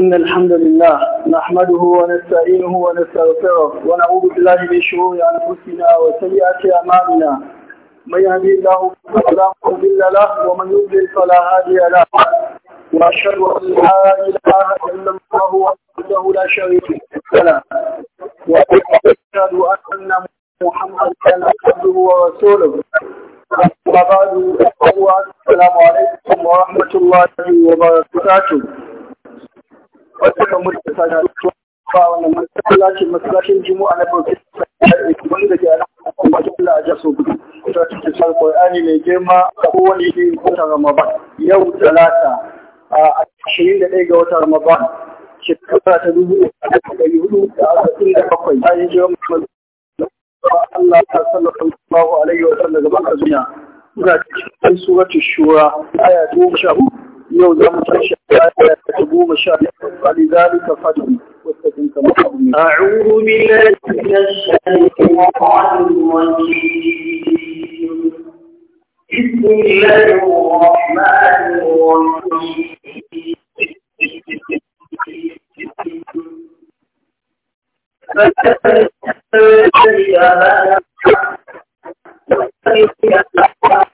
إن الحمد لله نحمده ونستعينه ونستغفره ونعوذ بالله من شرور أنفسنا وسيئات أعمالنا من يهدي الله فلا مضل له ومن يضلل فلا هادي له وأشهد أن لا إله إلا الله وحده لا شريك له وأشهد أن محمدا عبده ورسوله أما بعد السلام عليكم ورحمة الله وبركاته sake ba wannan masallaci masallacin juma'a na bauti wanda ke alaƙa wajen Allah a jaso gudu ta cikin alƙur'ani mai girma a kowane irin watan Ramadan yau talata a ashirin da ɗaya ga watan Ramadan shekara ta dubu ɗari hudu da arba'in da bakwai bayan jiran Allah ta sallallahu alaihi wa sallam gaban duniya. Ina cikin suratul shura aya goma sha hudu yau za mu tashi aya ta goma sha biyar فلذلك فدعوا واستقم كما أعوذ بالله من الشيطان الرجيم بسم الله الرحمن الرحيم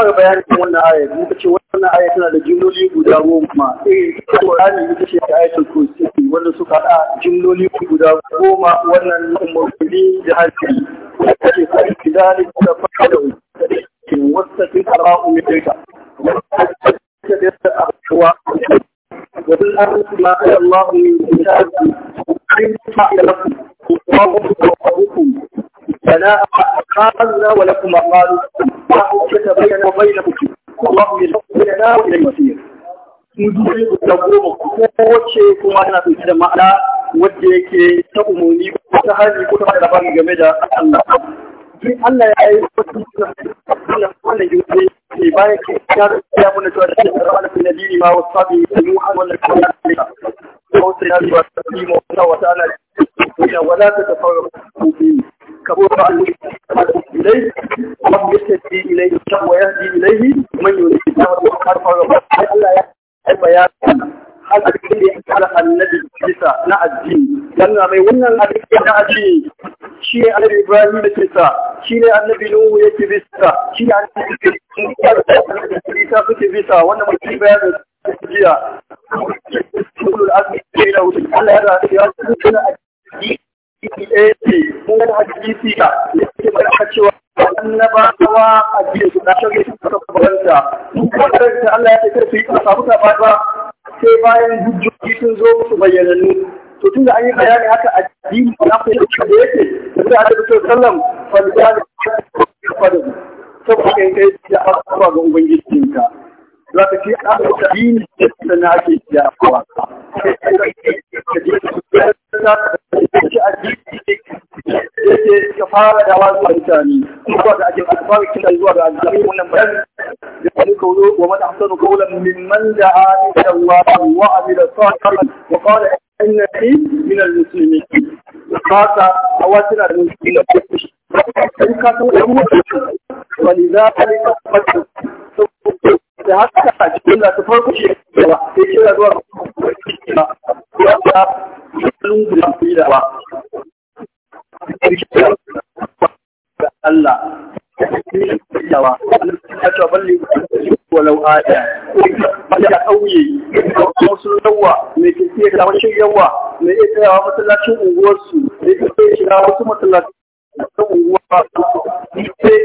fara bayanin wannan aya muka ce wannan aya tana da jimloli guda goma irin eh, Qur'ani ita ce ayatul kursi wanda suka haɗa jimloli guda goma wannan umarni da hankali kace fa kidalik da fa'alu wasta fi qara'u yadika وقل أنت ما أتى الله من كتاب علمت لكم الله ربكم فلا أقالنا ولكم أقالوا يتبين بينكم da يشهد بيننا وبين المسير mudurai guda goma kowace kuma tana ɗauke da ma'ana wadda yake ta umarni ko ta hali ko ta bada labari game da Allah. Duk Allah ya yi wasu suna wannan yunfe ne bayan ke ya ya muna cewa da shi da alaƙin na dini ma wasu sabi da yi wannan kuma ya da wasu ya zuwa da yi ma wata wata ana da wala ta tafawa ka bo ba alwai الله يهدي إليه ويهدي إليه من يريد الله ويرفع الله يا هذا الذي على النبي عيسى لا الدين لأن ريونا النبي لا الدين شيء النبي إبراهيم يتبسا شيء النبي نوح يتبسا شيء النبي عيسى يتبسا وأنا ما كتب هذا الجيا كل الأسماء له على هذا الجيا hadisi ɗaya ce ko wani cewa annabawa a jiya su na shirya su suka faranta Allah ya ce su yi kasa muka ba sai bayan hujjoji sun zo musu bayyanannu to tun da an yi bayani haka a addini na fahimta da yake da sai da fito sallam falgani fadin saboda kai kai da abubuwa ga ubangijinka za ka ce a yi addini da na ake yawa yake ka fara dawa zuwa mutane da ga ajin alfaru kina zuwa ga alfaru wannan bayani da wani kawo wa man ahsanu qawlan mimman da'a ila Allah wa amila salihan wa qala innani min al-muslimin haka awatira da muslimin kan ka so da mu wa lidhalika fatu da haka a cikin da ta farko shi ba sai kira zuwa ga ya ta lungu da ba Allah yawa ya kauye ko sun yawa me ke ce da wani yawa me ke ke wasu me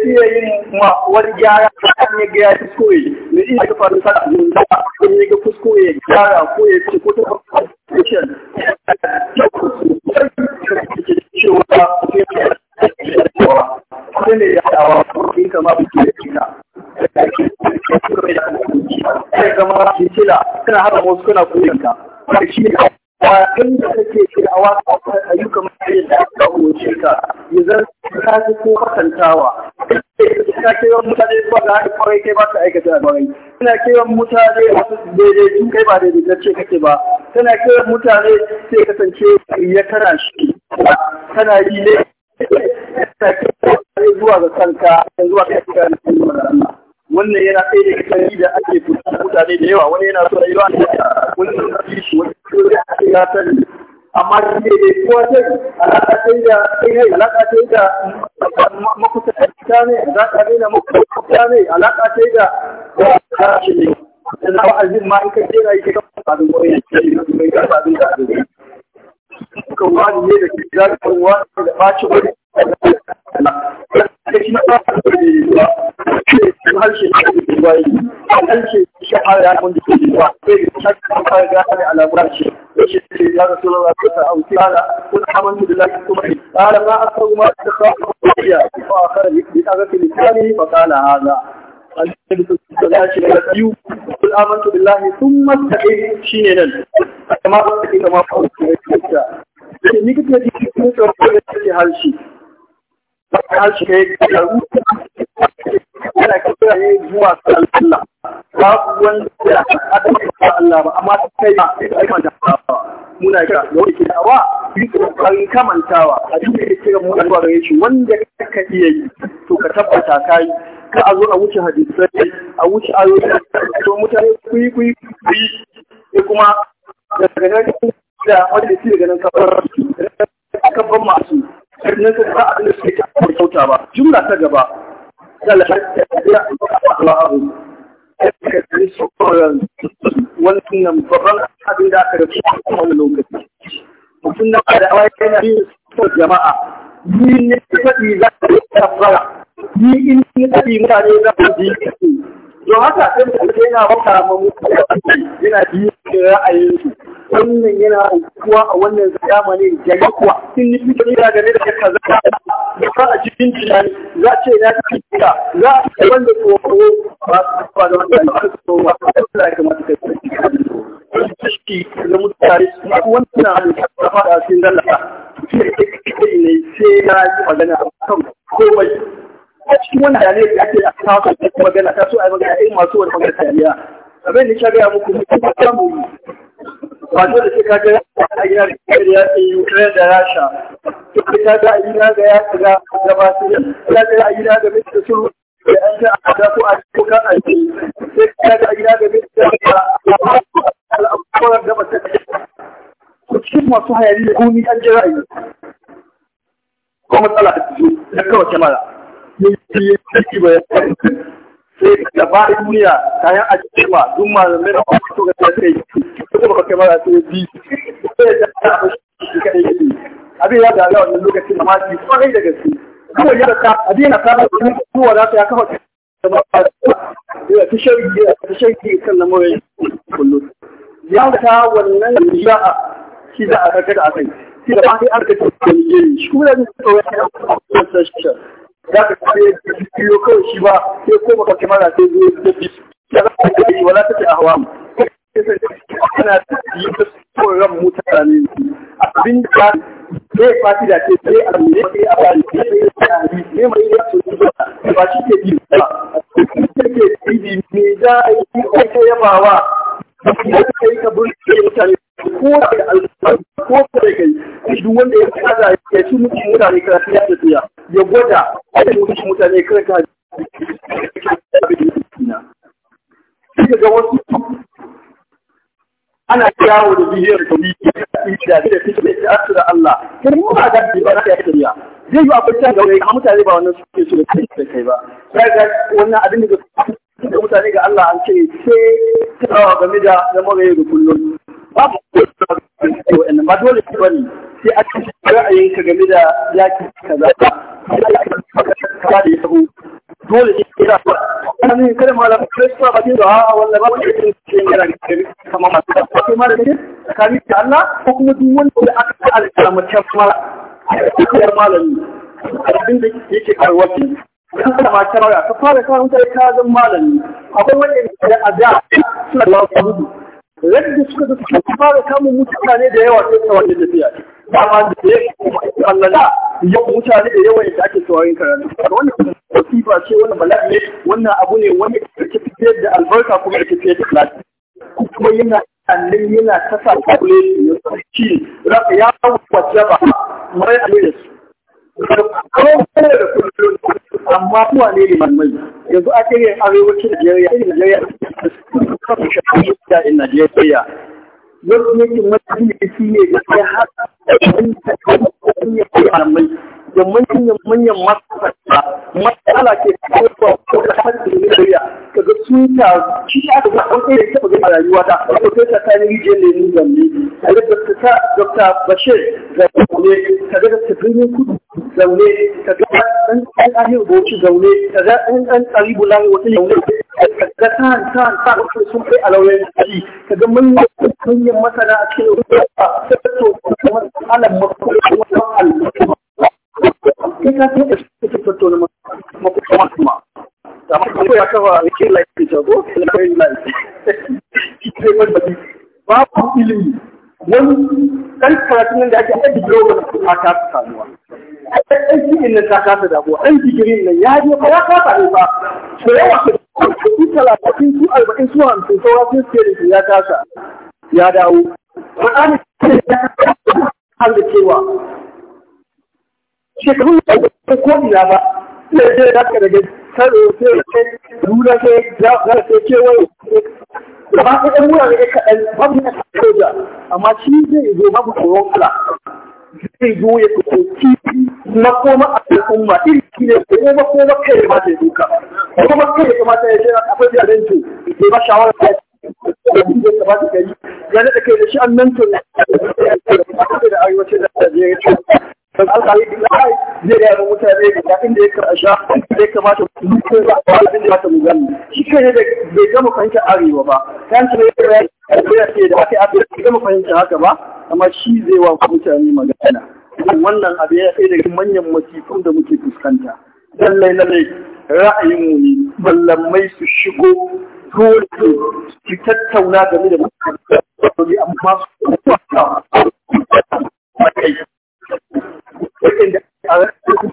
yin ma wani gyara kan ya ga kuskure me ga faru da ya ga kuskure gyara ko ya ce ko ta cewa kuma ne ya dawa in kama buke da kina sai kama kila kana haɗa wasu kana koyanka da shi ne a inda kake shir'awa ayyukan mai da aka wuce ka yanzu ka fi ko kasantawa ina kewa mutane ba da haɗin kwarai kai ba ta aikata a kwarai ina kewa mutane wasu daidai sun kai ba da na ce kake ba tana kewa mutane sai kasance ya kana shi kana yi ne zuwa ga kanka zuwa ga kanka wannan yana ɗaya daga yi da ake fita mutane da yawa wani yana so rayuwa ne wani yana so wani yana ya amma shi ne dai kowa sai alaƙa da kai-hai, alaƙa sai da makusanta ne alaƙa sai da makusanta ne alaƙa sai da wa shi ne na wa'azin ma in ka jera yake kan abin wani mai kan abin da abin kan wani ne da ke zaɓi kan wani da ɓaci wani da shi na ba a da da a shi har ya da da shi ce ko da harshe ta ya zuwa sallah babu wanda ya aka ba Allah ba amma kai muna kira wani a duk da kira gare shi wanda ka iya yi to ka tabbata ka yi a zo a wuce a wuce to mutane kuma daga nan da wanda ke daga nan kawai nan ka ba abin da suke ta kyauta ba jumla ta gaba wannan babban abin da aka rasu a wani lokaci mutum na da awa yana yin sau jama'a ni ne faɗi za ta yi tafara ni in ni faɗi mutane za ka ji don haka sai mutum yana bauta ma mutane yana biyu ra'ayinsu wannan yana kuwa a wannan zamanin ya yi kuwa sun yi fikiri da game da kaza da fa a cikin tunani za a ce na fi kira za a ce wanda tsoro ba su ba da wanda ba su tsoro ba da ya kamata ka yi shi da mutane su wannan halin da fada sun lallata sai ne sai na yi magana a kan komai a cikin wannan yanayi da ake a da magana ta so a yi magana a irin masu wani magana ta tariya abin da ya gaya muku mutum ba samu wato da suka ga a gina da ya Ukraine da Rasha suka ta da gina da ya ce da ba ya da miki da an ta da ko a a ce sai ka ga gina da miki da al'amuran da ba ta ku ci masu hayari da komi an jira yi ko matsala a ciki da kawai kamara ne ya ce ba ya sai da ba duniya kayan ajiyarwa duk malamai da kuma to ga sai sai ba kai mara sai bi sai da shi yi. abin ya da wannan lokacin ma ji kwarai da gaske kawai ya ta adina ta da kowa za ta ya kafa da ta shauki ta shauki kan lamarin kullum ya ta wannan ya shi da aka kada akai shi da ba sai aka ce shi kuma da tsawon ya ta za ka kare biyo kawai shi ba sai ko baka kamar da sai zai da bi ya za ka kare wala ta a hawa ana yi ta koyon mutane abin da ka zai fati da ke sai a ne sai a bari sai ne mai ya so ba ba shi ke bi ba ke bi me za a yi ko yabawa idan kai ka burke mutane ko da alƙawari ko da kai duk wanda ya kaza ya ci mutum mutane karatu ya tafiya ya gwada da lokacin mutane kawai ka Kika ga wasu ana yawo da biyar da biyu da da suke da ta'assu da Allah kuma mu ba da ba na ya shirya zai yi akwai can gaure amma mutane ba wannan suke so da kai ba sai ga wannan abin da mutane ga Allah an ce sai tawa game da zama da kullum babu ba dole ba ne sai a cikin ra'ayin ka game da yakin kaza kaza da ya taho dole ne ke da ana nuna kada malam kristo ba da a wannan ba wani irin ke yana da kamar masu da kuma malamin tsakanin da Allah ko kuma duk wanda da aka ta alƙalamatar malami abin da yake karuwa kan da ma ya ka fara kawo mutane ka zan malami akwai wani da a da suna da gudu suka da suka fara kamun mutane da yawa sai ta da tafiya dama da ya yi kuma Allah yau mutane da yawa yadda ake saurin karatu wannan masifa ce wannan bala'i ne wannan abu ne wanda ke fitar da albarka kuma ke fitar da lafiya kuma yana annin yana ta sa kule ya ci raka ya wace ba mai alheri kawai kuma da kullum amma kuwa ne liman mai yanzu a cikin arewacin Najeriya Najeriya da su kafa shafi da Najeriya wakilcin majalisi ne da ya haɗa da manyan manyan masarauta matsala ke kawo ko da hankali na dariya ka ga sun ta shi aka ga an kai ta ga rayuwa ta ko sai ta tani rijiyar da ni zanne a ga ta dokta bashir zaune ka ga ta birnin kudu zaune ka ga ɗan ɗan ahir bauchi zaune ka ga ɗan ɗan tsari bulan wata zaune da kan kan ta sun kai alawai ji kaga mun masana a cikin ruwa ta to kuma alam kai ka ta da shi ta to na makuma kuma da ma yake ta go lafi lafi kai wanda ba ku ilimi wani kan da ake digiro ta ta samuwa ɗan ɗan cikin nan ta kasa damuwa ɗan nan ya je ba ya kasa ne ba da yawa talatin su arba'in su hamsin saura sun suke da ya kasa ya dawo. Ƙur'ani har da cewa shekaru da ta ko ina ba sai dai da ka daga tsaro sai sai rura sai za ka sai kewaye gaba ɗaya wurare kaɗan babu ya soja amma shi zai zo babu tsoron zai zo ya na koma a al'umma iri shi ne ko makoma kai ya mata ya duka kuma kai ya kamata ya jira akwai jarin ba shawara ta yi da ka ya kai da shi an nan to da arewacin da Najeriya dan da inda ya kamata ta shi kai da bai gama arewa ba kan ne ya ce da aka gama haka ba amma shi zai wa mutane magana wannan abu ya kai daga manyan masifun da muke fuskanta lallai lallai mu ne mallamai su shigo dole su tattauna game da mutane amma su kwata waɗanda a rarrakin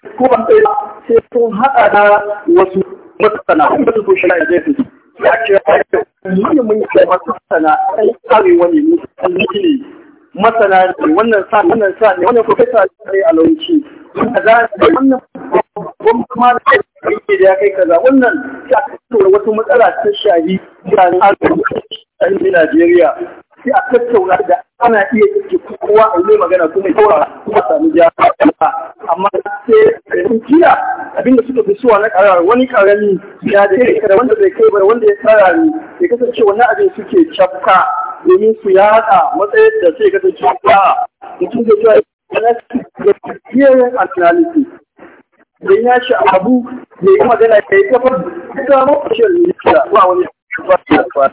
su kuma sai sun haɗa da wasu masana kuma ba su so shari'a zai fito ya ce ne mun ce a ai kare wani musulmi ne masana ne wannan sa wannan sa ne wannan professor ne a lauci kaza wannan kuma da yake da ya kai kaza wannan ya tattaura wata matsala ta shahi mutanen arziki a Najeriya sai a tattauna da ana iya cike kowa a yi magana kuma kowa kuma sami jama'a amma sai da kiya abinda suka fi suwa na karar wani karami ya da ya da wanda bai kai ba wanda ya tsara ni ya kasance wani abin suke cafka domin su yada matsayin da sai kasance ba mutum zai cewa yana cikin analysis da ya shi abu da ya magana ya yi kafar da ya zama social media ba wani shugaba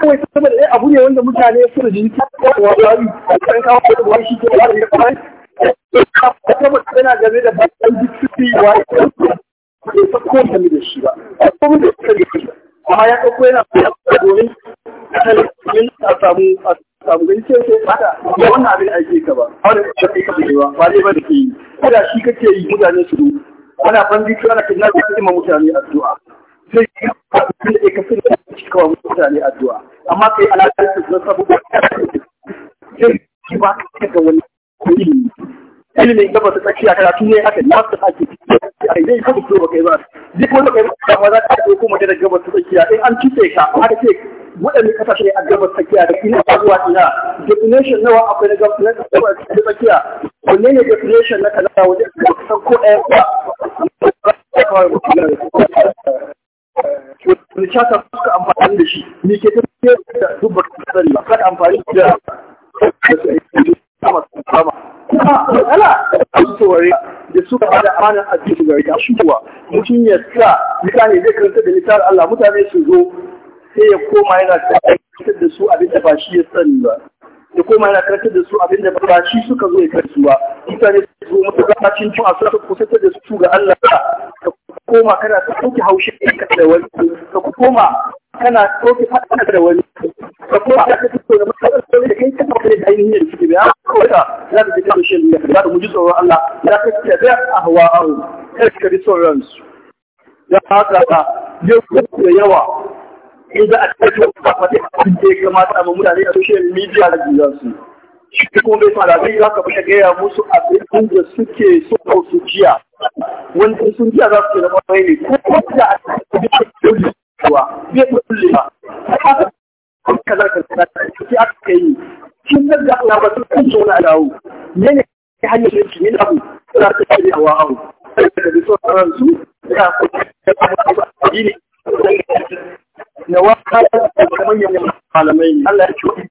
kawai saboda ɗaya abu ne wanda mutane da suna jin kawo wari a kan kawo da wani shi ke wari ya kawai saboda yana game da bakin jikisi wari ya kawai ta kowa game da shi ba a kuma da suka da shi amma ya ɗauko yana da domin talibin a samu a samu gani ce ce ba da wannan abin aiki ka ba ba da kai ka bude ba ba dai ba da ke yi ko da shi kake yi mutane su ana fanzi ana kina da mutane addu'a sai ya faɗi da ka fi da shi kawai mutane addu'a amma kai alaƙar su na saboda sai ki ba ka ga wani ilimi ilimin gaba ta tsakiya karatu ne aka na ta sake a idan ka fito ba kai ba duk wanda kai ba ba za ka ɗauko mace da gaba ta tsakiya in an tuce ka aka ce waɗanne kasashe a gaba ta tsakiya da ina zuwa ina definition nawa akwai na gaba ta tsakiya wanne ne definition na kaza wajen ka san ko ɗaya ba da shata suka amfani da shi ne ke tafiye da dubba kasar ba kan amfani da kama kama kuma ala tsore da suka bada amana a cikin gari ta shuwa mutum ya sa mutane zai karanta da litar Allah mutane su zo sai ya koma yana karanta da su abin da ba shi ya sani ba ya koma yana karanta da su abin da ba shi suka zo ya karanta ba mutane su zo mutum ga cin cin a suka kusantar da su ga Allah koma kana ta ɗauki haushin ka da wani ka koma kana ɗauki faɗa da wani ka koma kana ta tsoro da matsalar da kai ka tafi da ainihin yin ciki da wata za ta jika da shirin da za ta muji tsoron Allah ya ka ce da hawa aru ya ka ji tsoron su ya haka ka yau da yawa in za a tafi da wata da ya kamata a ne a social media da jiyarsu. shi kuma bai malamai za ka fi gaya musu abin da suke so su jiya wanda sun jiya za su zama mai ne ko kuma da a cikin kuwa bai kulle ba haka kaza kaza sai aka yi kin da a kan so na dawo ne ne hanyar da shi ne abu za ta kai a da bi so su da da ne na da malamai Allah ya ci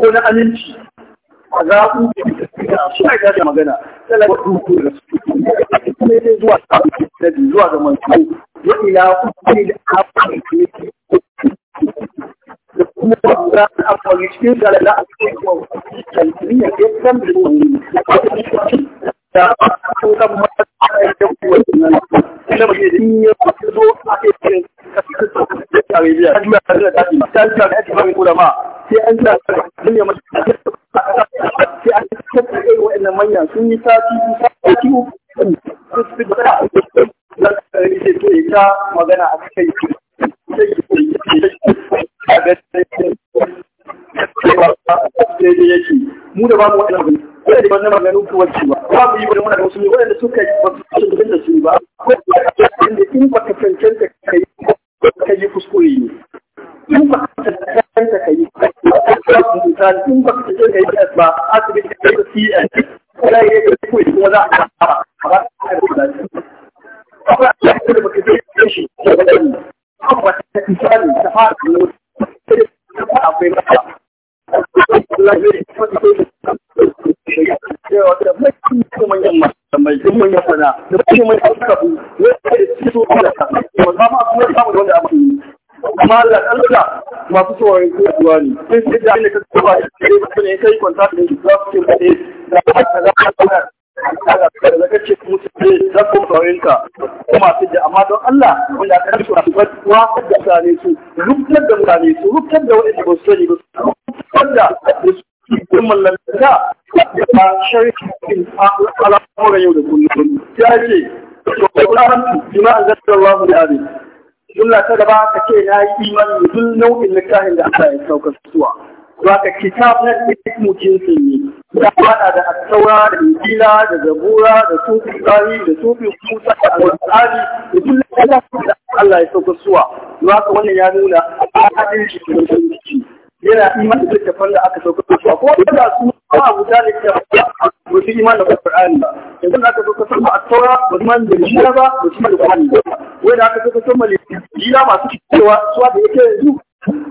ko na aminci a zaɓu shi a gaza magana da su kuma yake zuwa ga mantu ya ila kuma da afirka yake da kuma za a amfani cikin galala a cikin kalmiya da wani da da ya da kuma da Arabia kuma da dadi ta ta da ake ulama sai an ta dunya mace sai an ta kai wa'annan manyan sun yi da sati uku ta magana a kai mu da babu wani abu ko da wannan maganin ku wacce ba ba mu yi wani wani musulmi wanda suka yi ba su da su ba ko da in ba ka cancanta kai ka yi kuskure misali in ba ka je ka yi ba asibiti ka yi CN kuma ya yi kuma kuma za a ba ba a yi da shi kuma a yi da baka je ka shi da ba dani kuma ta misali ta fara da akwai ba Allah ne masu tsoron zuwa ne sun sai da ka kuma da ne kai kwanta da su za su ke bude da haka za ka fara da ka ce musu ne za ku tsoron ka kuma su da amma don Allah wanda aka rasu a kuwa kuwa da mutane su rubutar da mutane su rubutar da waɗanda ba su sani ba su rubutar da su cikin mallaka da sharikin al'amuran yau da kullum ya ce Jima'an zartar mu da abin jumla ta gaba ka ce na yi imani duk nau'in littafin da Allah ya saukar suwa zaka kitab na ismu jinsi ne ta fada da attaura da injila da zabura da sufi tsari da sufi musa da al alƙur'ani da duk littafin da Allah ya saukar suwa zaka wannan ya nuna adadin shi da mutunci yana imanin da littafin da aka saukar suwa ko da su ba abu da littafin ba su imani da Qur'ani ba yanzu da aka zo ka san at-Taura ba su imani da Injila ba ba su imani da Qur'ani ba wai da aka zo ka san ba masu cewa su da yake yanzu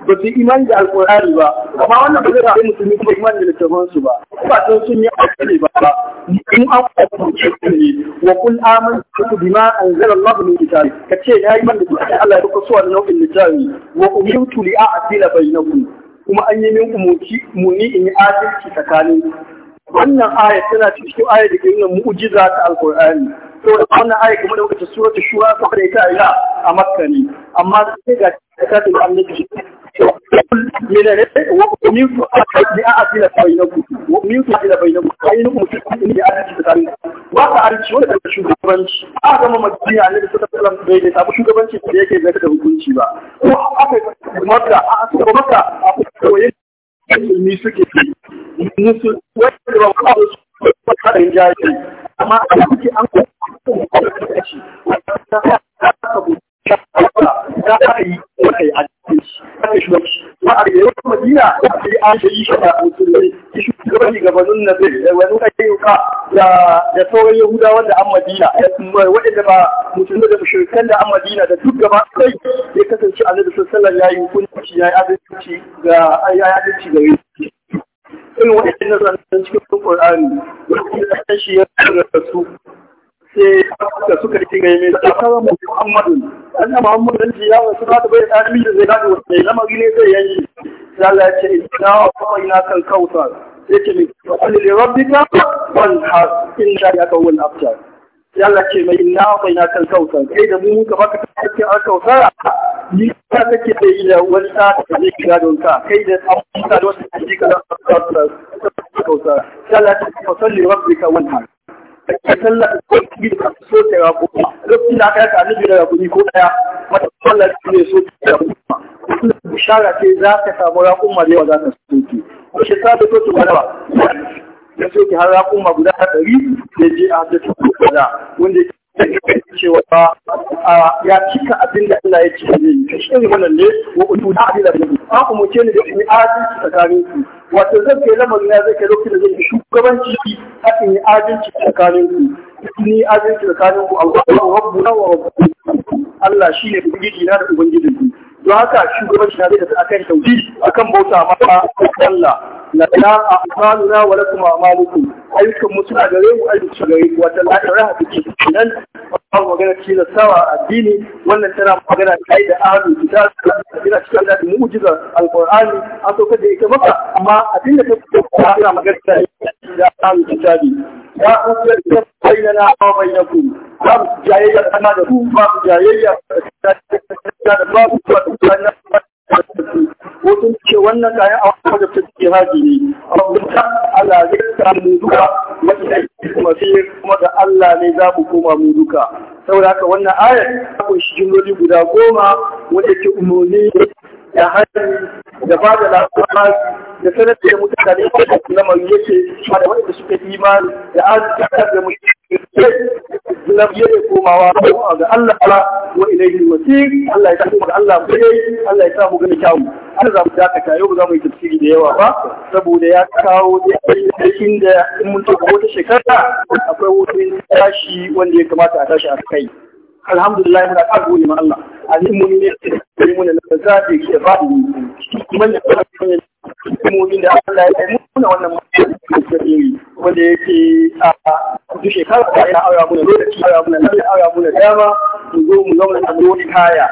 ba su iman da alkur'ani ba amma wannan ba zai rayu musulmi kuma iman da littafin su ba ba sun sun yi alkali ba ba in an kwakwance su ne wa kun aman su bima an zara Allah min kitabi ka ce ya yi manda kuma Allah ya kuka suwa nau'in littafi wa umirtu li a'dila bainakum kuma an yi min umurci muni in yi adalci tsakanin wannan aya tana cikin aya da ke nuna mu'jiza ta alkur'ani to da wannan aya kuma da wata sura ta shura ta kare ta ila a makka ne amma sai ga ta kasu annabi min ne ne wa min fu bi a asila bainakum wa min fu asila bainakum ayinu mutu ni ya ji ta kare wa ka arci wa ta shugabanci a ga mamaji annabi sallallahu alaihi wasallam bai da ta shugabanci da yake zaka da hukunci ba ko aka makka a asila makka a koyi musulmi suke musulmi wanda ba kawo su ba karin jari amma a cikin an kuma shi ta haka ta haka a cikin shi haka shi jama'ar yayin madina sai an shayi shi da musulmi shi gabani gabanin na zai wani kai ayyuka da da sauran yahuda wanda an madina wadanda ba musulmi da mushrikan da an madina da duk gaba kai ya kasance a annabi sallallahu alaihi wasallam ya yi hukunci ya yi adalci ga ya yi adalci ga irin waɗannan zanen cikin Qur'ani wanda ya tashi ya rasu ce da suka rike ga mai tsakawa Muhammadu An dan Muhammadu dan ya wasu da bai dalimi da zai gadi Mai lamari ne zai yanki Allah ya ce inna wa ina kan Ya kautar yace mai kulli li rabbika wal has inna ya kawul aftar Allah ce mai ina wa ina kan kautar kai da mu muka baka take a kautar ni ka take da ila wani ta da zai don ka kai da abubuwa da wasu da zai gadon ka kautar Allah ya ce fa rabbi ka wal har. da sallar kuɗi da so ta ga kuma lokacin da aka ta annabi da kuɗi ko ɗaya mata sallar da ne so ta ya kuma shara ce za ka samu raƙumma da yawa za ta soke ko shi sa da so ta wadawa ya soke har raƙumma guda ɗari da je a da ta guda wanda cewa ya cika abin da Allah ya ce zai yi shi ne wannan ne wa utu da abin da ya ba ku mu ce ne da ni adalci tsakanin ku wato zan kai lamari na zai kai lokacin da zai yi shugabanci a in yi adalci tsakanin ku ni adalci tsakanin ku Allahu rabbu na da Allah shine ubangiji na da ubangijin ku don haka shugabanci na zai tafi akan tauhidi akan bauta ma mata Allah lana a'maluna wa lakum a'malukum ayyukan mu suna gare mu ayyukan gare ku wata la ilaha illa Allah magana ce da sawa addini wannan tana magana kai da ahlul kitab ina cikin da mu'jiza alqur'ani an so kada ita maka amma abin da ta ina magana ta da ahlul kitab ya ubiyar bainana wa bainakum babu jayayya kana da ku babu jayayya manta da babu zuwa tsakanin ko sun ce wannan kayan a wajen da suke haji ne abin ta Allah zai samu duka mafi kuma kuma da Allah ne za mu koma mu duka saboda haka wannan ayar ta kunshi jimloli guda goma wanda ke umarni da hanyar da ba da labarai da sanar da mutane da lamarin yake da wanda suka imani da arziki da mutane na ya da komawa ga Allah wa ilaihi masir Allah ya sa mu ga Allah bai Allah ya sa mu gani kyawu Allah za mu dakata yau za mu yi tafsiri da yawa ba saboda ya kawo cikin da in mun tafi wata shekara akwai wurin tashi wanda ya kamata a tashi a kai alhamdulillah muna ƙara gode ma Allah alimun ne da mun da zabi ke fadi mun da mun da Allah ya yi muna wannan wanda yake a duk shekara ina aura muna lokaci aura muna nan aura muna dama mu zo mu zauna a wani kaya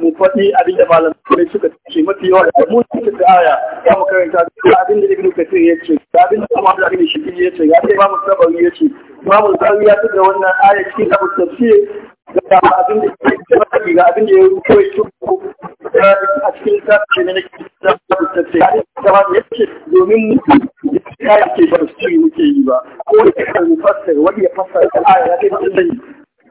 mu faɗi abin da malamai suka ce mafi yawa da mu suka ta aya ya mu karanta da abin da ibnu kasir ya ce da abin da kuma da ibnu shakir ya ce ga sai ba mu sabari ya ce ba mu sabari ya tuka wannan aya cikin abu tafsir ga abin da ya ce ga abin da ya koyi tuku a cikin tafsir ne na kitab tafsir ya ce domin mu ya ake ba da sirri muke yi ba ko da kai kan mufassir wanda ya fassara ta aya ya kai sai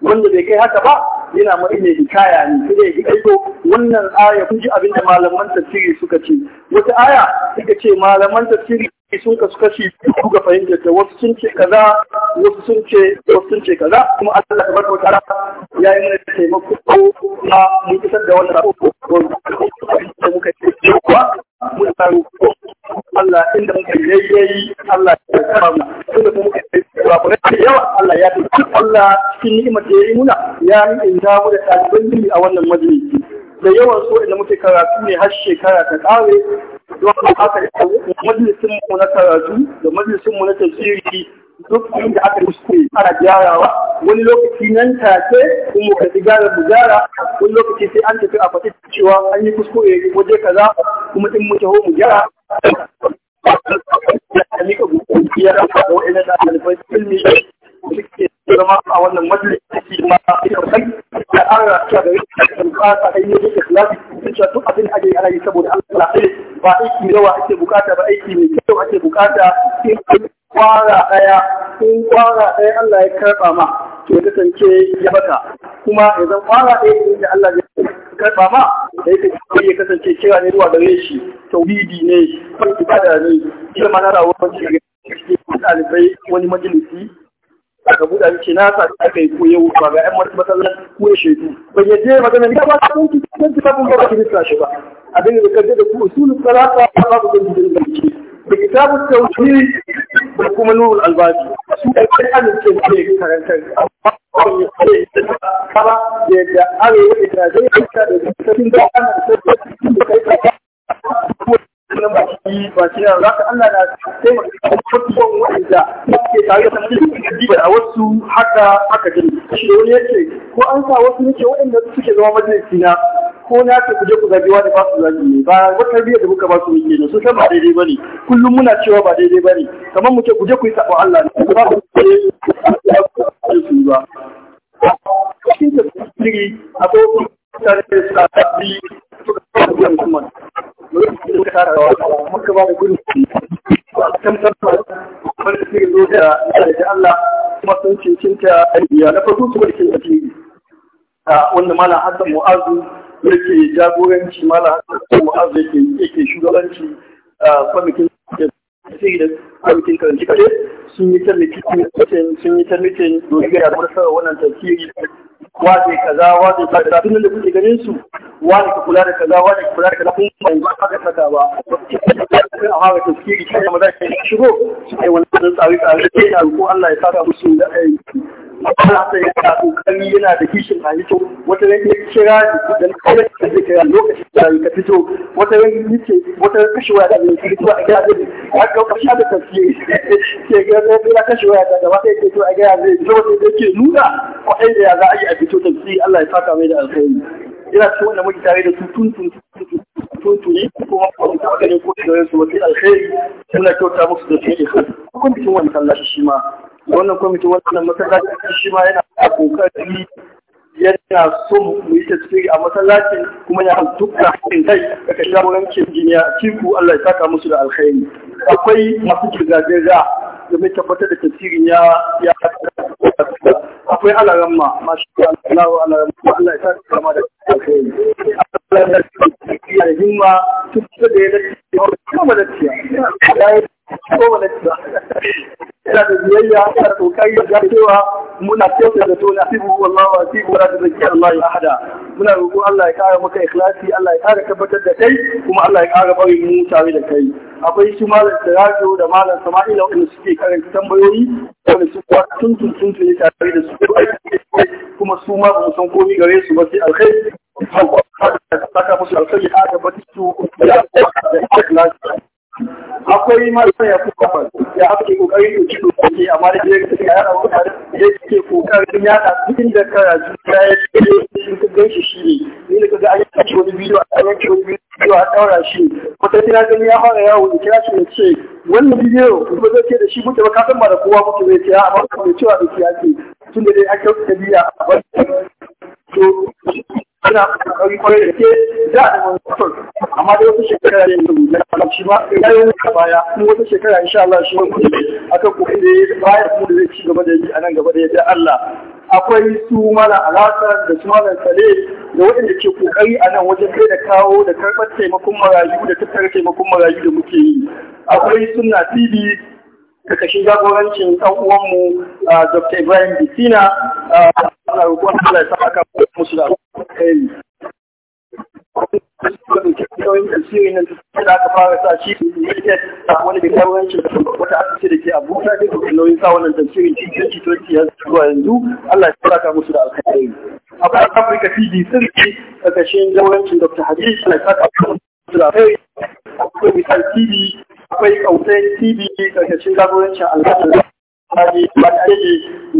wanda bai kai haka ba yana mai ne hikaya ne sai dai kaito wannan aya kun ji da malaman tafsiri suka ce wata aya suka ce malaman tafsiri sun kasu kashi biyu ga fahimtar ta wasu sun ce kaza wasu sun ce wasu sun ce kaza kuma Allah Ta wa ta ya yi mana taimako ko mun isar da wannan ko ko muka ce ko mun tsaro Allah inda muka yayyayi Allah ya tsara mu inda muka yayyayi ba da yawa Allah ya tafi Allah cikin ni'imar da ya yi muna ya inda mu da ɗaliban ilimi a wannan majalisi da yawan so inda muke karatu ne har shekara ta kare don haka majalisin mu na karatu da majalisin mu na tafsiri lokacin da aka yi ana gyarawa wani lokaci nan take kuma ka gyara mu gyara wani lokaci sai an tafi a faɗi cewa an yi kuskure waje kaza kuma in mu taho mu gyara ya mika godiya ga wa'annan ɗalibai ilmi da zama a wannan majalisi ma ita sai da an rasu da rikin bukata a yi da ake saboda ba aiki yawa ake bukata ba aiki mai kyau ake bukata kwara ɗaya in kwara ɗaya Allah ya karɓa ma to ya kasance ya baka kuma idan kwara ɗaya da Allah ya karɓa ma da ya kasance kira ne zuwa gare shi tauhidi ne ibada ne ilma mana rawar cikin ɗalibai wani majalisi aka buɗa ce na sa aka yi koyo ba ga ƴan masallaci ko ya shaidu ban yadda magana ni ba ta tunki tunki ta kun ba ki shi ba abin da kaje da ku usulul salata ba ku da dalili da kitabut tauhid da kuma nurul albabi su da kai amince ne karantar kaba da da arewa da da zai da da cikin da da kai nan baki baki na za ka Allah na taimaka mutuwan wanda ke tare da mutum da a wasu haka haka gani shi wani yake ko an sa wasu nake waɗanda suke zama majalisi na ko na ta kuje ku zabi wani basu su zabi ne ba wata biya da muka ba su yake ne su san ba daidai bane kullum muna cewa ba daidai bane kamar mu ce kuje ku yi sabon Allah ne ba ku ba cikin tafsiri akwai mutane da suka tafi suka tafi da musamman lokacin da tara rawa muka ba mu gudu ba kan tabbata wani sirri zo da da a wanda malam Hassan Mu'azu yake jagoranci malam Hassan Mu'azu yake yake shugabanci kwamitin sai da kwamitin karanci kare sun yi tarmitin sun yi tarmitin domin ga da wannan tafsiri wani kaza wani kaza tun da kuke ganin su wani ka kula da kaza wani kula da kaza kun ba yanzu aka saka ba a haka tafsiri shi ma zai shigo sai wannan tsari tsari sai Allah ya saka musu da aiki Allah sai ya ka yana da kishin a hito wata ran ya kira ni da kawai ka kira lokacin da ka fito wata ran yace wata ran kashi waya da ne fito a da har ka kashi da tafsiri sai ga sai kashe waya da gaba ke a ga zai zo sai ke nuna ko ai da ya za a yi fito da zai Allah ya saka mai da alkhairi ina cikin wanda muke tare da su tun tun tun tun ne kuma ba mu taɓa ganin ko da su wata alkhairi suna kyauta musu da shi cikin ikhlas kwamitin wani sallashi shi ma wannan kwamitin wannan masallaci shi ma yana a kokari yana so mu yi tasiri a masallacin kuma ya dukkan haɗin kai da ka daga ranke jiniya a ciku Allah ya saka musu da alkhairi akwai masu jirga da mai tabbatar da tasirin ya ya akwai alaramma masu alawo alaramma Allah ya sa su kama da alheri ya sa da da ya dace kama da ciya ya yi kama da ciya yana da biyayya yana da kokari ga cewa muna kyauta da to nasibu wallahu asibu wa razaqi Allah ya hada muna roƙo Allah ya kara maka ikhlasi Allah ya kara tabbatar da kai kuma Allah ya kara bari mu tare da kai akwai shi malam da malam Sama'ila wanda suke karanta tambayoyi wanda su kuwa tuntun tuntun tare da su kuma su ma ba san komai gare su ba sai alkhairi ya musu alkhairi ka tabbatar su da ikhlasi akwai marasa ya kuka ba ya haka ke kokarin da cikin koke amma da ya ke ya rawa da ya ke kokarin ya da cikin da karatu ya ya yi cikin kudin shi shi ne ni da kaga an yi wani bidiyo a kan yanki wani bidiyo a daura shi wata tana gani ya fara yawo da kira shi ne ce wannan bidiyo ba zai ce da shi mutu ba ka san ba da kowa mutu zai ce amma ba mai cewa da shi tun da dai ake tabiya a ba to suna kokari kwarai da ke da da mun amma da wasu shekara ne da talabci ma ya yi baya kuma wata shekara insha Allah shi wani akan kokari da ya baya kuma da zai ci gaba da yi a nan gaba da ya Allah akwai su mana alaƙa da su mana tsale da waɗanda ke kokari a nan wajen kai da kawo da karɓar taimakon marayu da tattara taimakon marayu da muke yi akwai suna tv da jagorancin ɗan uwanmu ah, dr ibrahim bisina ah, ana roƙon Allah ya na da aka fara sa shi a wani da karuwanci da da ke abuja da ke nauyin sa wannan tafsirin ci yanci twenty ya yanzu Allah ya saka musu da alkhairi akwai tv sun dr na akwai tv akwai tv ƙarƙashin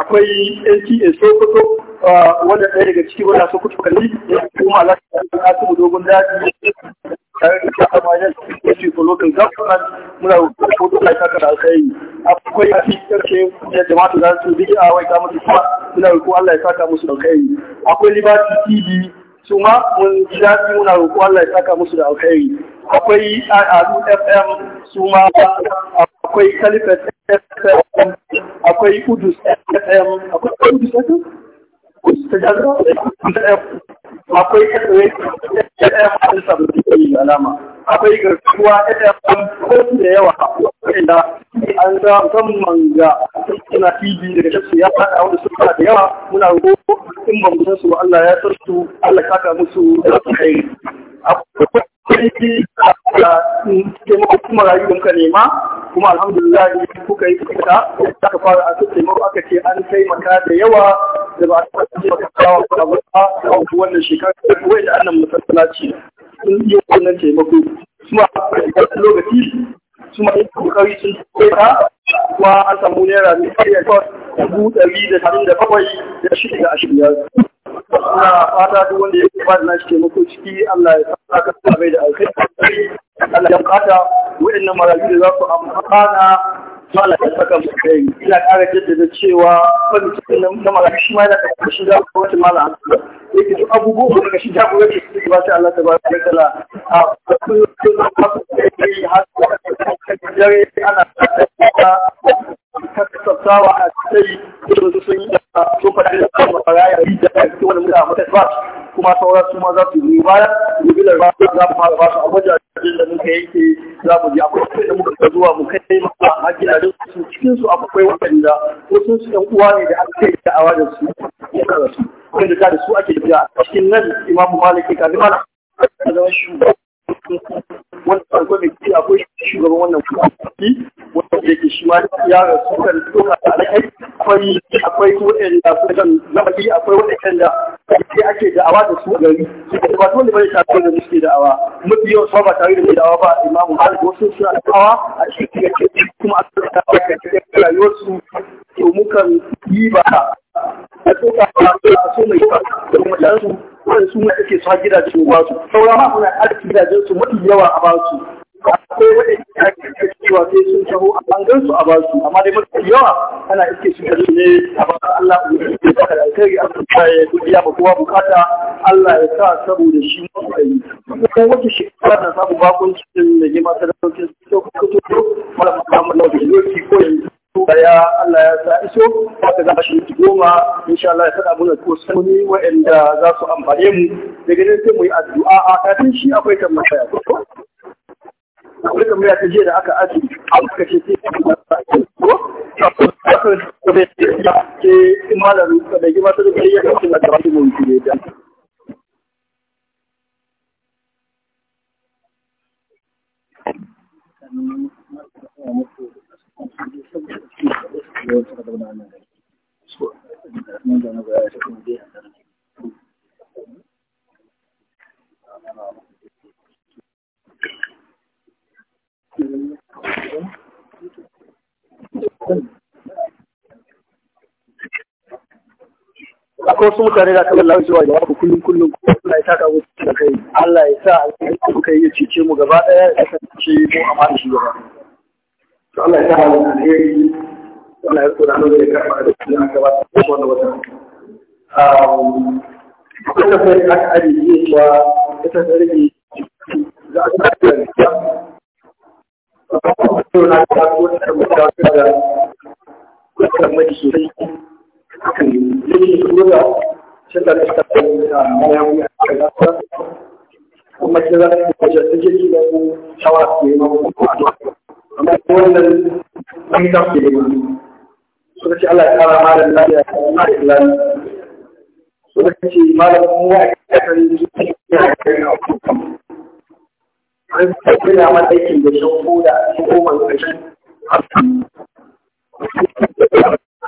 akwai NTA Sokoto wanda ɗaya daga ciki wanda Sokoto kalli ya kuma alaƙa da Asimu Dogon Daji tare da ta kama yin Sokoto for local government muna hoto kai kaka da alkhairi akwai yafi ƙarshe da jama'a za su bi a wai ta musu kuma muna roƙo Allah ya saka musu da alkhairi akwai Liberty TV su ma mun ji daɗi muna roƙo Allah ya saka musu da alkhairi akwai al'adu FM su ma akwai Calipers akwai udus akwai udus akwai alama akwai garkuwa ɗaya da yawa wanda an ga musamman ga suna tv daga shafsu ya da yawa muna roƙo in ba mu Allah ya Allah kaka musu da kai akwai aiki a taimakon marayu da muka nema kuma alhamdulillah kuka yi kuka ka fara a cikin maru aka ce an taimaka da yawa da ba a taimakawa ba a wannan shekara wai da annan masallaci sun yi wannan taimako kuma a lokaci suma yi kokari sun taimaka, kuma an samu naira miliyan dubu ɗari da tarin da bakwai da shida da ashirin Ina fata duk wanda ya ba na nashi taimako ciki Allah ya sa da alkhairi. Allah ya bukata waɗannan marayu da za su amfana ya saka mu kai ina ƙara jaddada cewa wani cikin na marayu shi ma yana ƙarƙashin jagorancin mala yake duk abubuwan da ƙarƙashin jagorancin su ke ba sai Allah ta ba da kala a wasu kai har dare ana to faɗa da kuma faraya yi da kai wani mutane mata ba kuma sauran su ma za su yi baya yubilar ba za mu fara ba su abuja da muka ke, za mu ji akwai da muka zuwa mu kai ma a gidajen su cikin su akwai wanda wasu su ɗan uwa ne da aka yi da'awa da su ya kara su kai da da su ake biya cikin nan imamu malik ya kaji mana zama shugaban wannan akwai mai akwai shugaban wannan kuma wanda yake shi ma ya rasu kan doka alaƙai akwai akwai waɗanda su kan lafafi akwai waɗanda sai ake da'awa da su gari su ba dole bane tare da muke da'awa mafi yawan su ba tare da da'awa ba imamu malik wasu suna da'awa a cikin kuma a cikin su to mukan yi ba a tsoka a so mai ba da kuma jansu wanda su mai ake sa gidajen ba su saura ma suna aiki gidajen su mafi yawa a ba su akwai waɗanda ake cewa sai sun taho a bangar su a basu amma dai yawa ana iske shi da ne a ba Allah ya saka da kai a kuka ya ba kowa bukata Allah ya sa saboda shi masu ayi kuma wata shekara na sabu bakuncin da jima ta daukin su ko ko malam Muhammad Lawal Yoki ko yanzu ya Allah ya sa iso wanda za a shi goma insha Allah ya sada muna ko sanoni waɗanda za su amfane mu daga nan sai mu yi addu'a a kafin shi akwai tambaya ko akwai tambaya ake jiya da aka aji an suka ce sai kuma ko aka da ya ke malam da gima ta da ya kace da ta mu ne ta Thank you. kuma ka da kamar lafiya da jawabu kullum kullum kuma suna ya taka da kai Allah ya sa alƙairi kuka yi cece mu gaba ɗaya ya kasance mu Allah ya sa ya da ya da aka ta wannan wata. Akwai da sai aka ajiye ita a ta da ita. Akwai da na da yi, suka rika bayan gasa kuma ki za ki kwace suke ji da ku shawara su yi mawa kuma amma wannan sun ta fi yi suka ce Allah ya kara malam lafiya na islam suka ce malam mu ya kasar yi ya kai na kuma an tafi na matsayin da shan koda a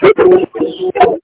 cikin kowane ƙarshen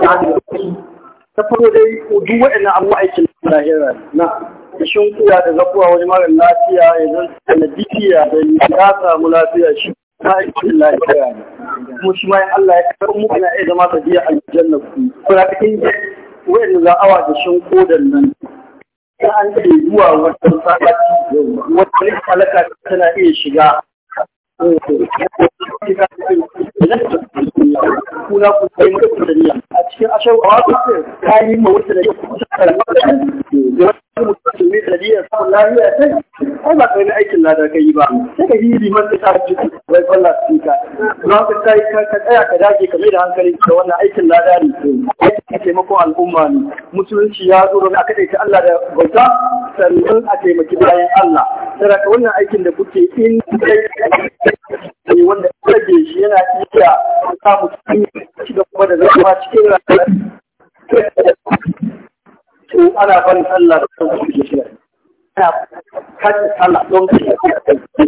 ta farko dai duk waɗannan abubuwa aikin lahira na shin kuya da zakuwa wani mara lafiya ya yanzu sanadiyya da ya samu lafiya shi ta aikin lahira ne kuma shi ma Allah ya karɓar mu kana iya zama sadiya aljanna ku ko da kin waɗannan za'awa da shin kodan nan ta an ce zuwa wata sa'ati wata halaka tana iya shiga kuna ku kai da kudariya a cikin ashar wasu ta yi ma wata da ya kusa karamar da wani mutum ne da ya samu lafiya ta ai ba kai aikin ladar ka yi ba sai ka yi liman da ta ji wai kwallon su ka na ta yi ka tsaya ka dage ka mai da hankali da wannan aikin ladar ne aikin taimakon al'umma ne musulunci ya zo don aka ɗaita Allah da bauta sannan a taimaki bayan Allah. ka wannan aikin da kuke in kai sai wanda ya rage shi yana iya samu cikin ci kuma da zama cikin rayuwa to ana barin Allah da kan shi shi ana kan sallah don shi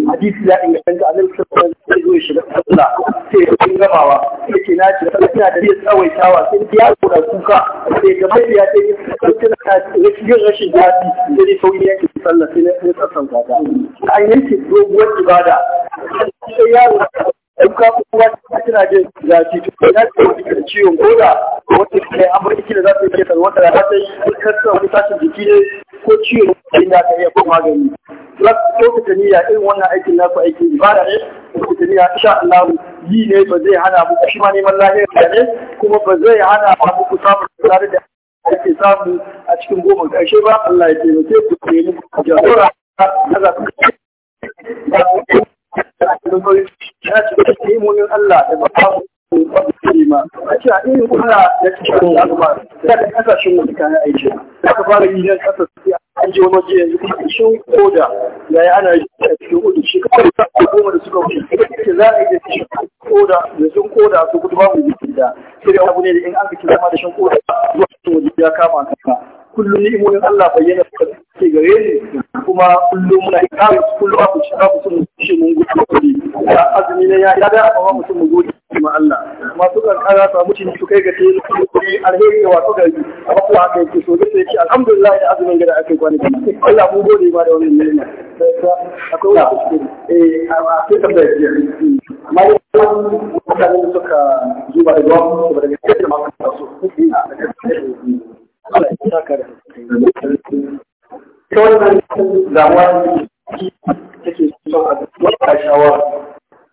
hadisi ya inga kan annabi sallallahu alaihi wasallam shi da Allah sai kun gabawa yake na ci ina da zai tsawaitawa sai ya kura kuka sai gaba da ya ce tana ta rashin rashin dafi sai sauyi yake sallah sai na tsasan gaba an yanke doguwar ibada sai yaro in ka kuma tana jin zafi to ya ce da ciwon koda wata kai amurki da za ta yi wata da ta yi kasar wutashin jiki ne ko ciwon jiki da ta iya ko magani lokacin niyya irin wannan aikin na ku aikin ibada ne lokacin niyya insha Allah yi ne ba zai hana muku shi ma neman lafiya ne kuma ba zai hana muku samun tsari da ake samu a cikin goma ƙarshe ba Allah ya taimake ku ku yi muku jagora na zaɓi ya ce da imomin Allah da ba su ma a ce a irin kula da cikin da ba da ka kasashen wani kayan aiki da ka fara yi nan kasa sai an je wani waje yanzu kuma shin koda ya yi ana yi a cikin udu shi kawai sa goma da suka wuce ke za a yi da shi koda da sun koda su gudu babu yi da sai da abu ne da in an kike zama da shin koda zuwa cikin waje ya kama kanka kullum ni ni'imomin Allah bayyana suka ke gare ni kuma kullum muna ikawai kullum aku ci aku sun shi mun gudu azumi ne ya da a kuma mutum mu gode ma Allah masu kankara sa mutum su kai ga te alheri wa su gari a baku haka yake so zai ce alhamdulillah da azumin gida akai kwanaki Allah mu gode ma da wannan ni'ima akwai wani kuskure eh a sai tabbata amma mutane suka zuba da gwamnati saboda ga kai da masu kasu da ta wannan damuwa take son a wata shawara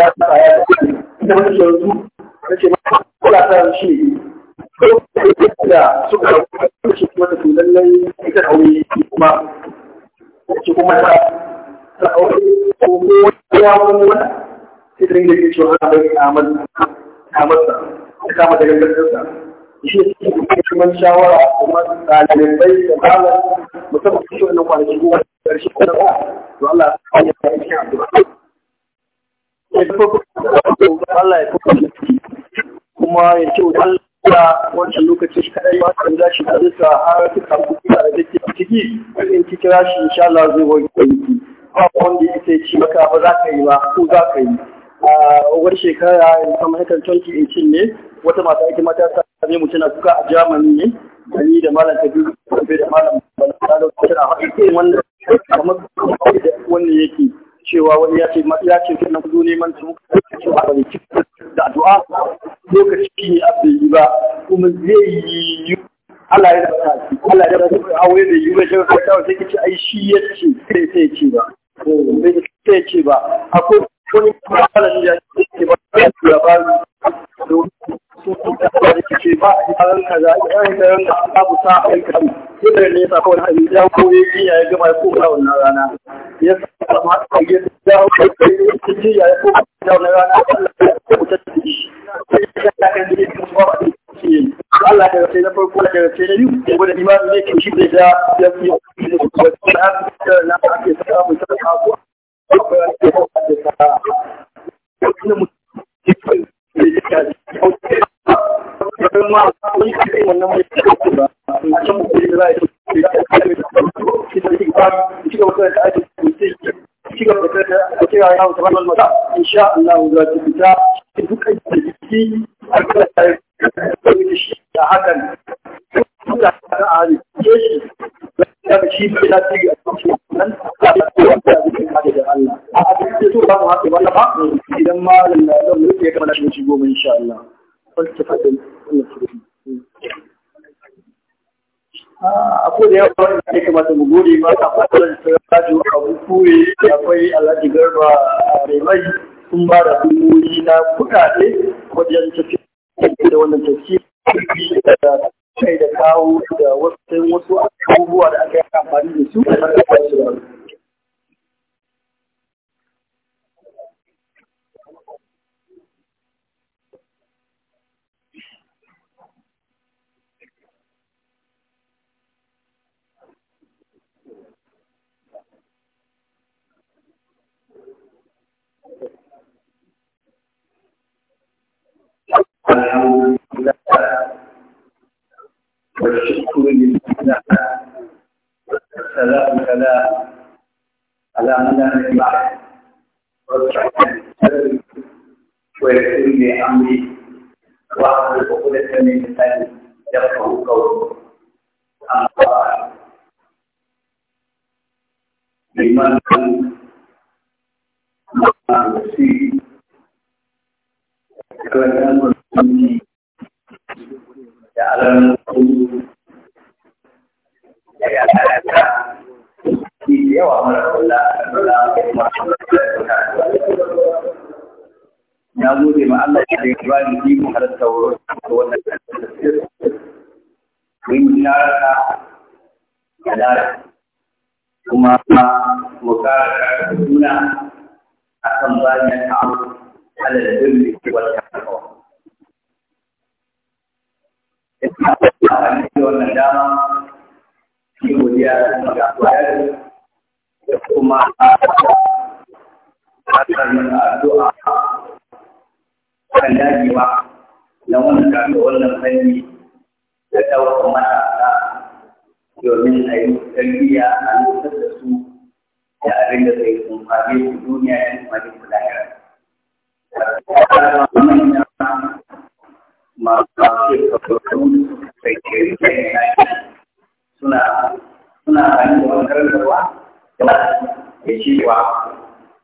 za su tsaya da su inda na ce maka kula ta shi da suka kuma shi kuma da su lallai ita aure kuma kuma ta ko ya wani wani cewa ana bai kamarsa ta kama da shi ne shawara kuma da Allah Allah ya kuka kuma ya ce Allah wancan lokacin shi kadai ba ta za shi kadusa har ta samu kuka da take ciki in ki kira shi insha Allah zai goyi ki ba wanda ya ce ci maka ba za ka yi ba ko za ka yi a wani shekara in kama haka 2018 ne wata mata ita mata ta same mu tana kuka a jamani ne gani da malam Kabiru da malam Bala da tana haɗe wannan kamar wanda yake cewa wani ya ce ya ce kin nan zo neman da muka ce ba ne da addu'a lokaci ne abin yi ba kuma zai yi Allah ya rasa shi Allah ya rasa aure da yi ba shi ka tawo sai kici ai shi ya ce sai sai ce ba ta ce ba akwai wani malamin da ya ce ba ya ba ce ba a kaza da a ne kawai ya koyi ji ya gama ya wannan rana ya sa ma ya ya wannan rana kuta ba Allah ya race na farko da race na biyu ne ke shi da ya da na ake a ma wani kai a can ku da za a yi da ka Allah za ta fita shi a kan da shi da hakan Allah akwai da yawa wanda ya kamata mu gode ba a fatan sarajo abu kure akwai alhaji garba a remai sun ba da dumoyi na kuɗaɗe wajen tafiya da wannan tafiya da kai da kawo da wasu abubuwa da aka yi amfani da su شكر لله والسلام كلام على أن الله ويسر لي أمري وأحمد عقدة من لساني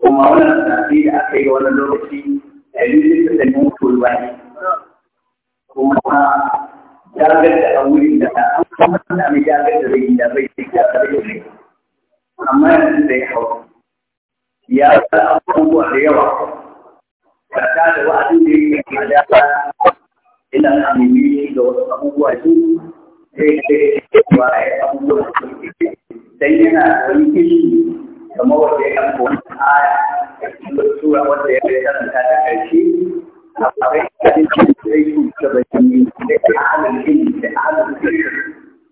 kuma wannan tafi da aka yi wannan lokaci dalilin yi mutu ruwa ne kuma jagar da a wurin da an kuma na mai jagar da zai da zai yi da zai yi amma yanzu da ya hau ya sa abubuwa da yawa kata da wa'adin da yake a dafa ina amini ga wasu abubuwa su sai da ya ce wa abubuwa da suke dan yana wani kishi kamar wanda ya kan koyi aya a cikin sura wanda ya karanta ta ƙarshe akwai cikin sai su ta bayani da ahalin ilmi da ahalin zikir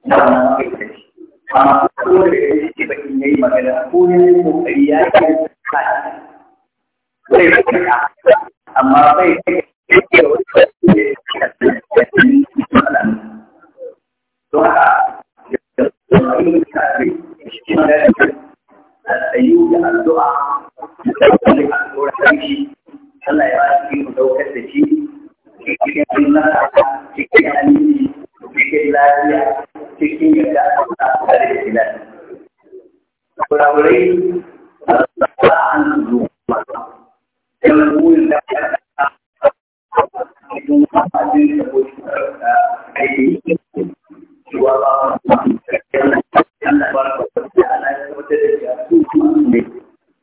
na wannan kai amma ko da ya ce bakin yayi magana ko ya yi kokari ya yi kai zai fita amma bai da wata don haka da wani mutane shi ne tsayu da addu'a da tsakali a tsoron shi Allah ya ba shi mu daukar da shi cikin nasara cikin aminci cikin lafiya cikin yadda Allah ta da shi lafiya kurakurai ba an zuwa yan wuyin da ya cikin mafajin da ko shi eh, aiki shi wa ba Allah ba ku da Allah ya wata da ya su ne ya yi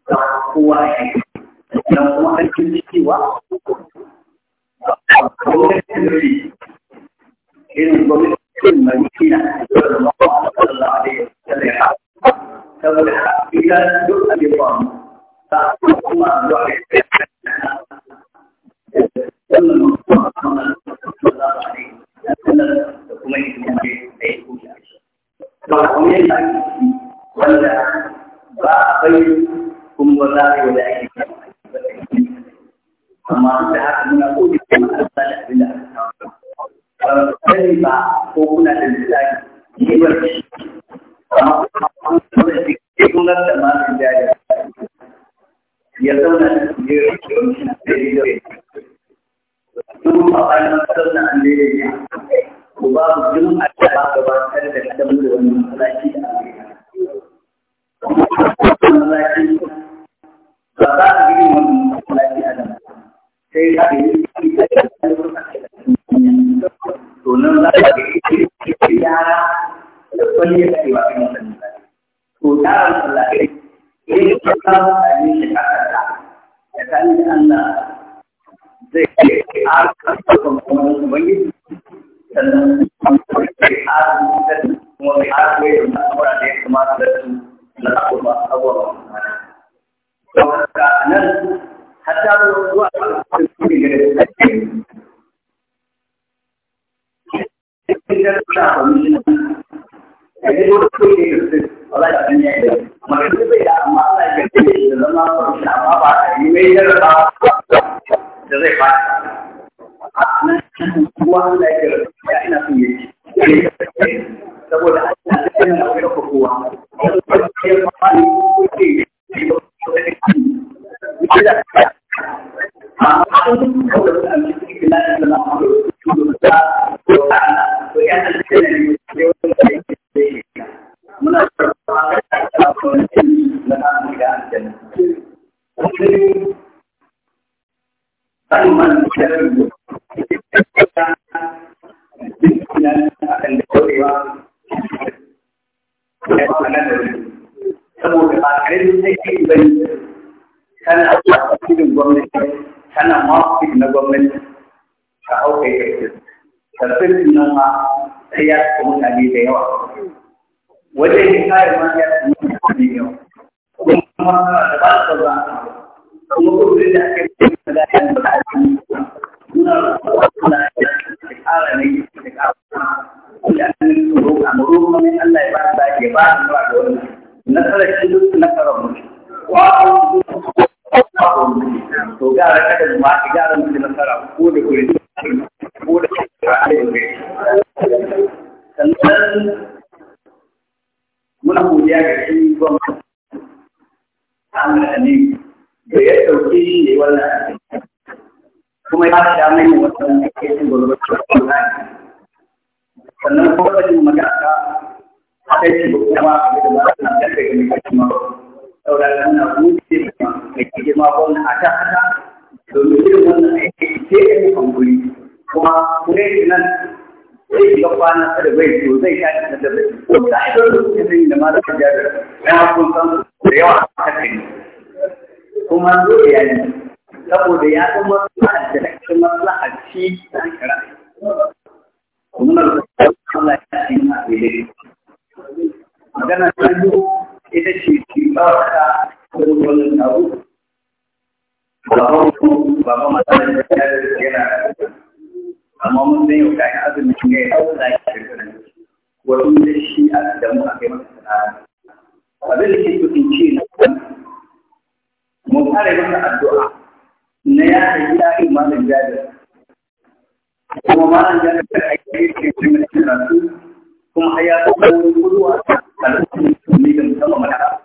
dan kuma an da wannan abu baban ku baban matsalar da ya yana amma mun san yau kayan azumi ne ya hau da shi wani da shi a da mu a kai masa sana'a abin ke so in ce na mun fara yi addu'a na ya haifi ɗa'in malam jabir kuma malam jabir da ake yi ke cikin karatu kuma har ya kuma gudu a al'ummar musulmi da musamman mata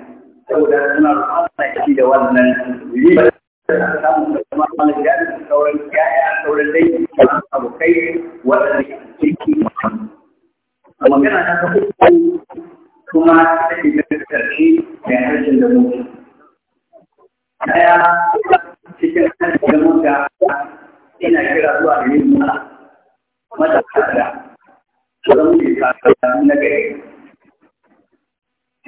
saboda suna roƙon ya ci da wannan riba samun da kuma malam ya da sauran yaya sauran dai abokai waɗanda ke ciki magana ta ta uku kuma ta ke da ƙarshe mai harshen da cikin kira zuwa da yin mata mata kada. Sauran na gari.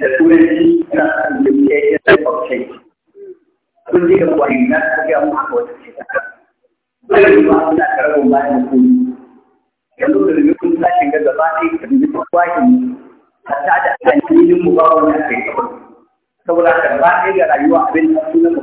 da turanci na jami'ai ya kwamfai kun ji da kwari na kuka mu haka wata ce ta Wani ma suna karɓar bayan ku yanzu da rubi kun tashin ga gaba ɗaya ka rubi kun kwaki hatta da hanyoyin mu ba wani a kai kawai saboda ka ba ɗaya ga rayuwa abin da suna mu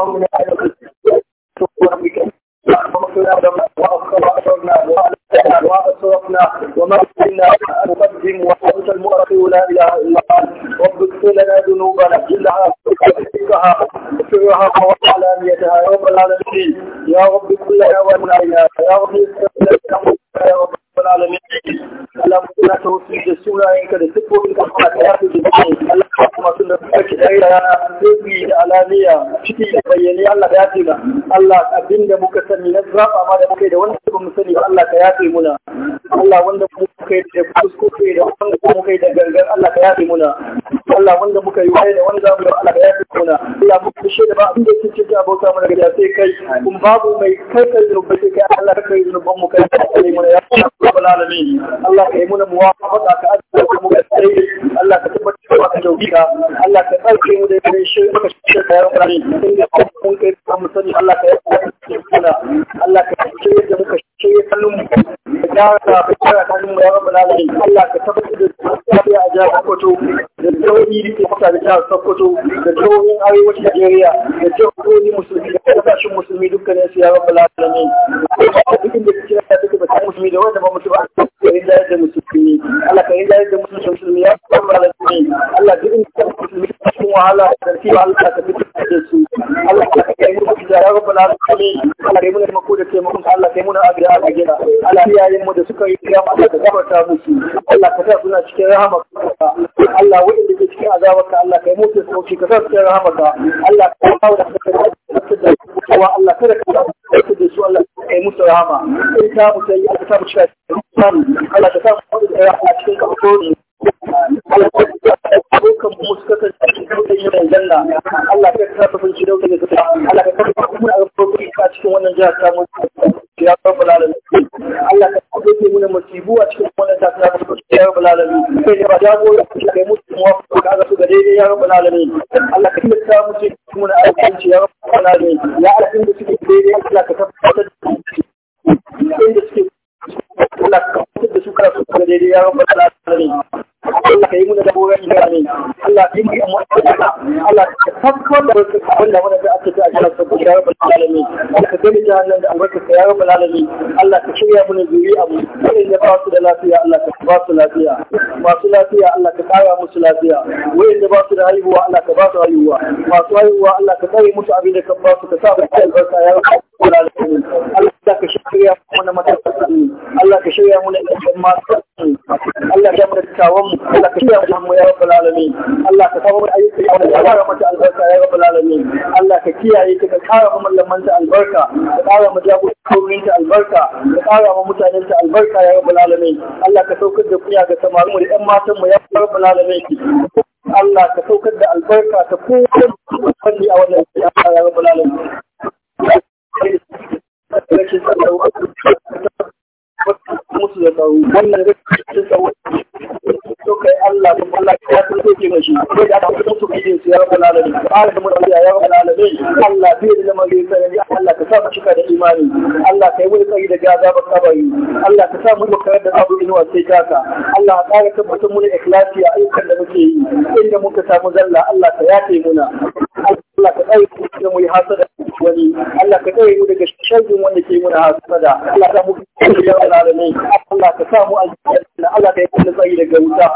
اللهم raba ma da kai da wanda ba mu sani Allah ka yafe muna Allah wanda muka yi da kuskure da wanda muka yi da gangan Allah ka yafe muna Allah wanda muka yi waye da wanda mu Allah ka yafe muna Allah mu kushe da ba abin da kike ta bauta mana da sai kai kun babu mai kai kai zunubai sai kai Allah ka kai zunuban mu kai ka yi muna ya rabbal alamin Allah ka yi muna muwafaqa ka rahamaka Allah wa'inda ke cikin azabarka Allah kai mutu ka sauke rahamaka Allah ka kawo da da Allah kada ka kawo da su Allah kai mutu rahama in ka mutu cikin Allah ka da rahama cikin kan cikin janna Allah ka da Allah ka cikin wannan jihar ta mu ya alamin Allah ka ke muna masibu a cikin wannan takara da su ya rabu lalami sai ne ba ja go ya kai mu mu ka ga su ga daidai ya rabu lalami Allah ka ta mu ce muna alƙanci ya rabu lalami ya alƙin da suke daidai Allah ka tabbatar da su inda suke Allah ka tabbatar da su kana su ga daidai ya rabu lalami Allah ka yi mu da dabbobin da ne Allah ka yi mu da Allah a jiran sabu ya rabu alami Allah ka gani da ya Allah shirya da ba su da lafiya Allah ka ba su lafiya masu lafiya Allah ka kara musu lafiya wurin da ba su da haihuwa Allah ka ba su haihuwa masu haihuwa Allah ka tsare musu abin da ka ba su ka sa ba albarka ya rabu alami Allah ka shirya mu na matakan Allah ka shirya mu da ɗan masu Allah ka mu kawon mu Allah ka shirya mu ya rabbal alamin Allah ka kawo ayyuka ya rabbal mata albarka ya rabbal alamin Allah ka kiyaye ka kara mu mallamanta albarka ka kara mu jagororin ta albarka ka kara mu mutanen ta albarka ya rabbal alamin Allah ka saukar da kuya ga samarin mu da ɗan matan mu ya rabbal alamin Allah ka saukar da albarka ta kowace fanni a wannan ya rabbal alamin musu da tsaro wannan da su tsaro to kai Allah ko Allah ya san ko ke mashi ko da ka san su ya rabbal alamin Allah mun ya rabbal alamin Allah da mai sai ya Allah ka sa mu da imani Allah kai wani kai da gaza ba kabari Allah ka sa mu mu da abu inuwa sai kaka Allah ka kare ka mutum mun ikhlasi a ayyukan da muke yi inda muka samu zalla Allah ka yafe muna Allah ka mu yi hasada wani Allah ka kare mu daga sharrin wanda ke muna hasada Allah ta mu da alamin Allah ka samu aljanna Allah ka yi kuma tsayi daga wuta